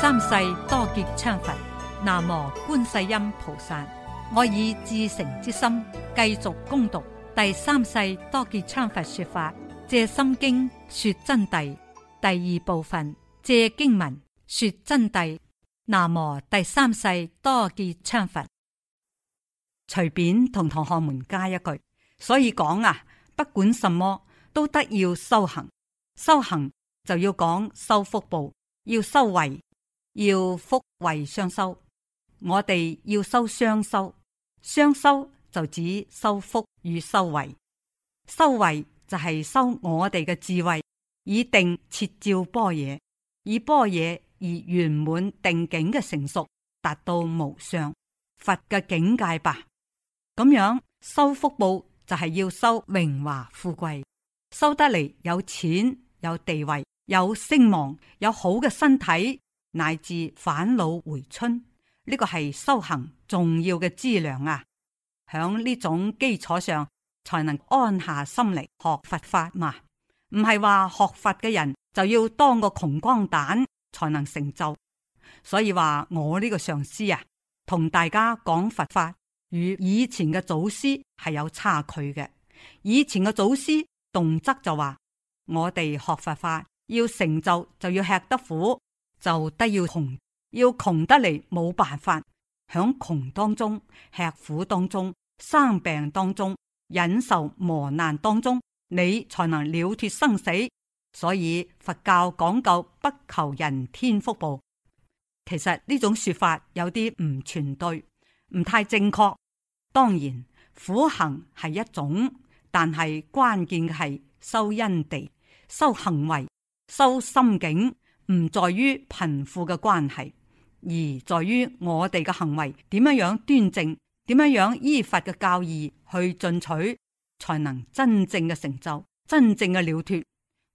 三世多杰羌佛，南無觀世音菩薩。我以至誠之心繼續攻讀第三世多杰羌佛說法，借心經說真諦第二部分，借經文說真諦。南無第三世多杰羌佛。隨便同同學們加一句，所以講啊，不管什麼都得要修行，修行就要講修福報，要修慧。要福慧雙修，我哋要修雙修。雙修就指修福與修慧，修慧就係修我哋嘅智慧，以定徹照般若，以般若而圓滿定境嘅成熟，達到無上佛嘅境界吧。咁樣修福報就係要修榮華富貴，修得嚟有錢、有地位、有聲望、有好嘅身體。乃至返老回春，呢個係修行重要嘅資糧啊！響呢種基礎上，才能安下心嚟學佛法嘛。唔係話學佛嘅人就要當個窮光蛋，才能成就。所以話我呢個上師啊，同大家講佛法，與以前嘅祖師係有差距嘅。以前嘅祖師動則就話，我哋學佛法要成就，就要吃得苦。就得要窮，要窮得嚟冇辦法，喺窮當中吃苦當中、生病當中、忍受磨難當中，你才能了脱生死。所以佛教講究不求人天福報，其實呢種說法有啲唔全對，唔太正確。當然苦行係一種，但係關鍵嘅係修因地、修行為、修心境。唔在於貧富嘅關係，而在於我哋嘅行為點樣樣端正，點樣樣依法嘅教義去進取，才能真正嘅成就，真正嘅了脫。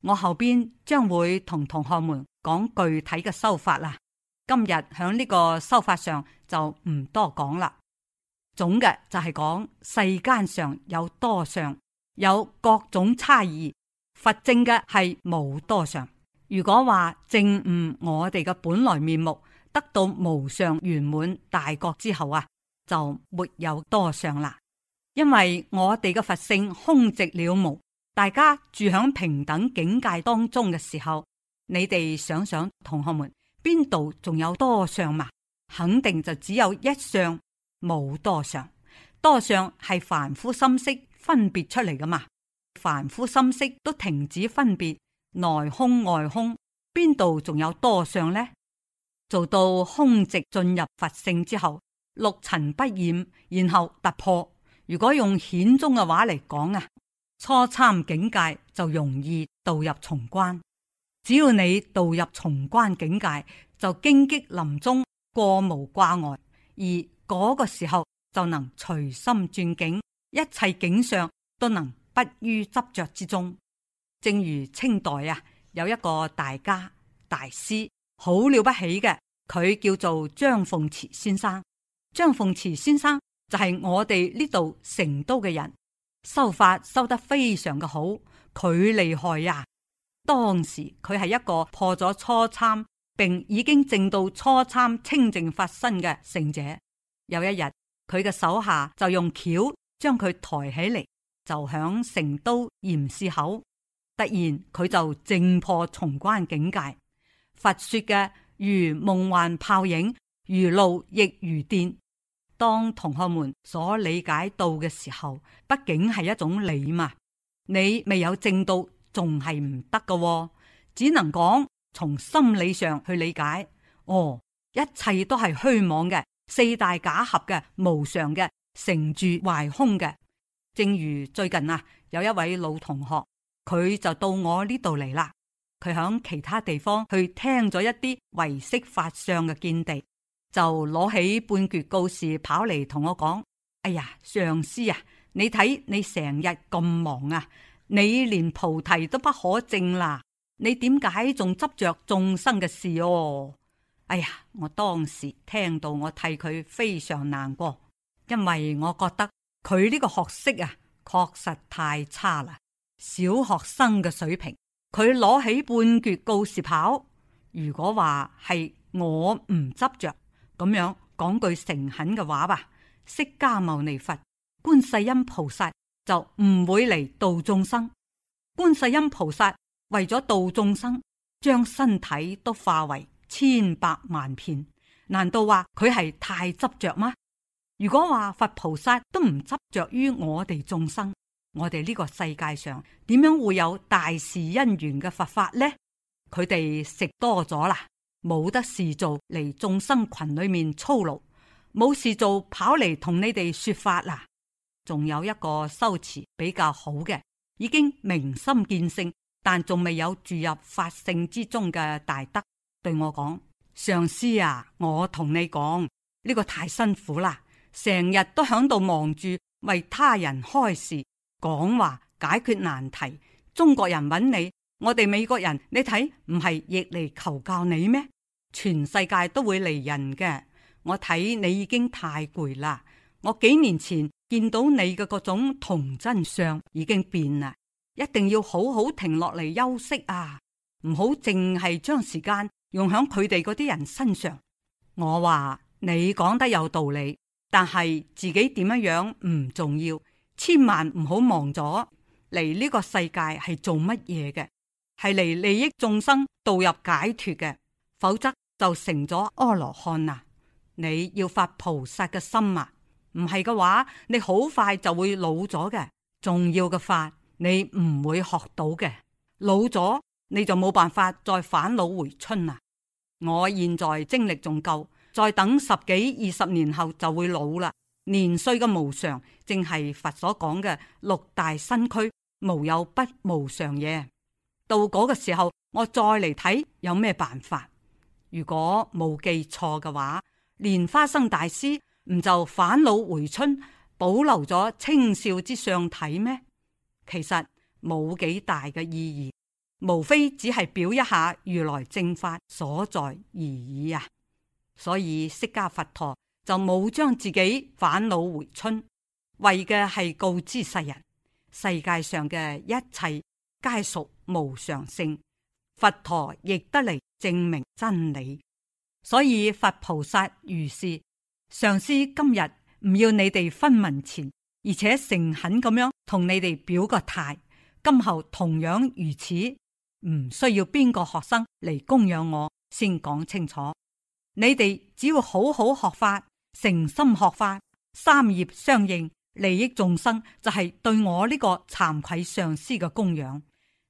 我後邊將會同同學們講具體嘅修法啦。今日響呢個修法上就唔多講啦。總嘅就係講世間上有多相，有各種差異，佛證嘅係冇多相。如果話正悟我哋嘅本來面目，得到無上圓滿大覺之後啊，就沒有多相啦。因為我哋嘅佛性空寂了無，大家住喺平等境界當中嘅時候，你哋想想，同學們邊度仲有多相嘛？肯定就只有一相，冇多相。多相係凡夫心識分別出嚟噶嘛，凡夫心識都停止分別。內空外空，邊度仲有多相呢？做到空寂進入佛性之後，六塵不染，然後突破。如果用顯宗嘅話嚟講啊，初參境界就容易導入重關。只要你導入重關境界，就荊棘林中過無掛礙，而嗰個時候就能隨心轉境，一切景象都能不於執着之中。正如清代啊，有一個大家大師，好了不起嘅，佢叫做張鳳池先生。張鳳池先生就係我哋呢度成都嘅人，修法修得非常嘅好，佢厲害呀、啊。當時佢係一個破咗初參，並已經證到初參清淨法身嘅聖者。有一日，佢嘅手下就用橋將佢抬起嚟，就響成都鹽市口，突然佢就證破重關境界。佛說嘅如夢幻泡影，如露亦如電。當同學們所理解到嘅時候，畢竟係一種理嘛，你未有正到，仲係唔得㗎，只能講從心理上去理解。哦，一切都係虛妄嘅，四大假合嘅，無常嘅，成住壞空嘅。正如最近啊，有一位老同學。佢就到我呢度嚟啦。佢喺其他地方去聽咗一啲唯識法相嘅見地，就攞起半卷告示跑嚟同我講：哎呀，上師啊，你睇你成日咁忙啊，你連菩提都不可證啦，你點解仲執着眾生嘅事哦、啊？哎呀，我當時聽到我替佢非常難過，因為我覺得佢呢個學識啊，確實太差啦。小學生嘅水平，佢攞起半橛告示跑。如果話係我唔執着，咁樣講句誠懇嘅話吧，釋迦牟尼佛、觀世音菩薩就唔會嚟度眾生。觀世音菩薩為咗度眾生，將身體都化為千百萬片。難道話佢係太執着嗎？如果話佛菩薩都唔執着於我哋眾生。我哋呢個世界上點樣會有大事因緣嘅佛法呢？佢哋食多咗啦，冇得事做嚟眾生群裏面操勞，冇事做跑嚟同你哋說法啦。仲有一個修持比較好嘅，已經明心見性，但仲未有住入法性之中嘅大德，對我講：上師啊，我同你講呢個太辛苦啦，成日都響度忙住為他人開示。講話解決難題，中國人揾你，我哋美國人，你睇唔係亦嚟求教你咩？全世界都會嚟人嘅，我睇你已經太攰啦。我幾年前見到你嘅嗰種童真相已經變啦，一定要好好停落嚟休息啊，唔好淨係將時間用喺佢哋嗰啲人身上。我話你講得有道理，但係自己點樣樣唔重要。千萬唔好忘咗嚟呢個世界係做乜嘢嘅，係嚟利益眾生，導入解脫嘅，否則就成咗阿羅漢啦，啊。你要發菩薩嘅心啊，唔係嘅話，你好快就會老咗嘅。重要嘅法你唔會學到嘅，老咗你就冇辦法再返老回春啦，啊。我現在精力仲夠，再等十幾二十年後就會老啦。年歲嘅無常，正係佛所講嘅六大身軀，無有不無常嘢。到嗰個時候，我再嚟睇有咩辦法？如果冇記錯嘅話，蓮花生大師唔就返老回春，保留咗青少之上體咩？其實冇幾大嘅意義，無非只係表一下如來正法所在而已啊！所以釋迦佛陀，就冇將自己返老回春，為嘅係告知世人，世界上嘅一切皆屬無常性，佛陀亦得嚟證明真理。所以佛菩薩如是，上師今日唔要你哋分文錢，而且誠懇咁樣同你哋表個態，今後同樣如此，唔需要邊個學生嚟供養我，先講清楚，你哋只要好好學法。誠心學法，三業相應，利益眾生就係對我呢個慚愧上司嘅供養。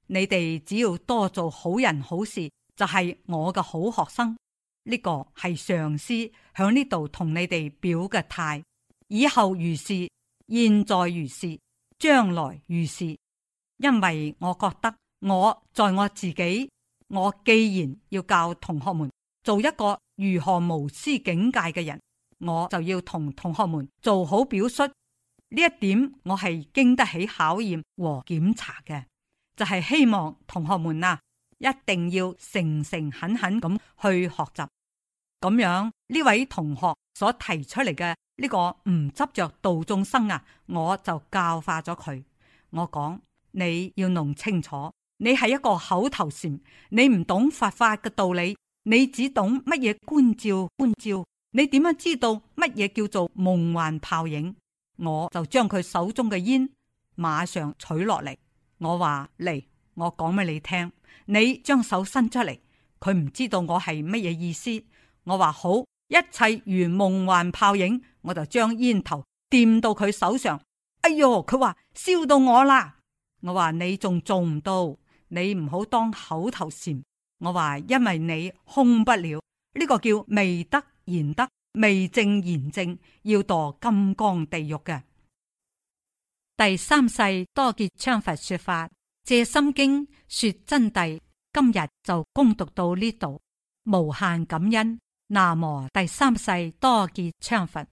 你哋只要多做好人好事，就係我嘅好學生。呢個係上司響呢度同你哋表嘅態，以後如是，現在如是，將來如是。因為我覺得我在我自己，我既然要教同學們做一個如何無私境界嘅人。我就要同同學們做好表率，呢一點我係經得起考驗和檢查嘅，就係、是、希望同學們啊，一定要誠誠懇懇咁去學習。咁樣呢位同學所提出嚟嘅呢個唔執着道眾生啊，我就教化咗佢。我講，你要弄清楚，你係一個口頭禪，你唔懂佛法嘅道理，你只懂乜嘢觀照觀照。觀照你點樣知道乜嘢叫做夢幻泡影？我就將佢手中嘅煙馬上取落嚟。我話嚟，我講俾你聽。你將手伸出嚟，佢唔知道我係乜嘢意思。我話好，一切如夢幻泡影，我就將煙頭掂到佢手上。哎呦，佢話燒到我啦。我話你仲做唔到，你唔好當口頭禪。我話因為你空不了，呢個叫未得。言德未正，言正要墮金剛地獄嘅。第三世多杰羌佛說法，藉心經說真諦。今日就恭讀到呢度，無限感恩。南無第三世多杰羌佛。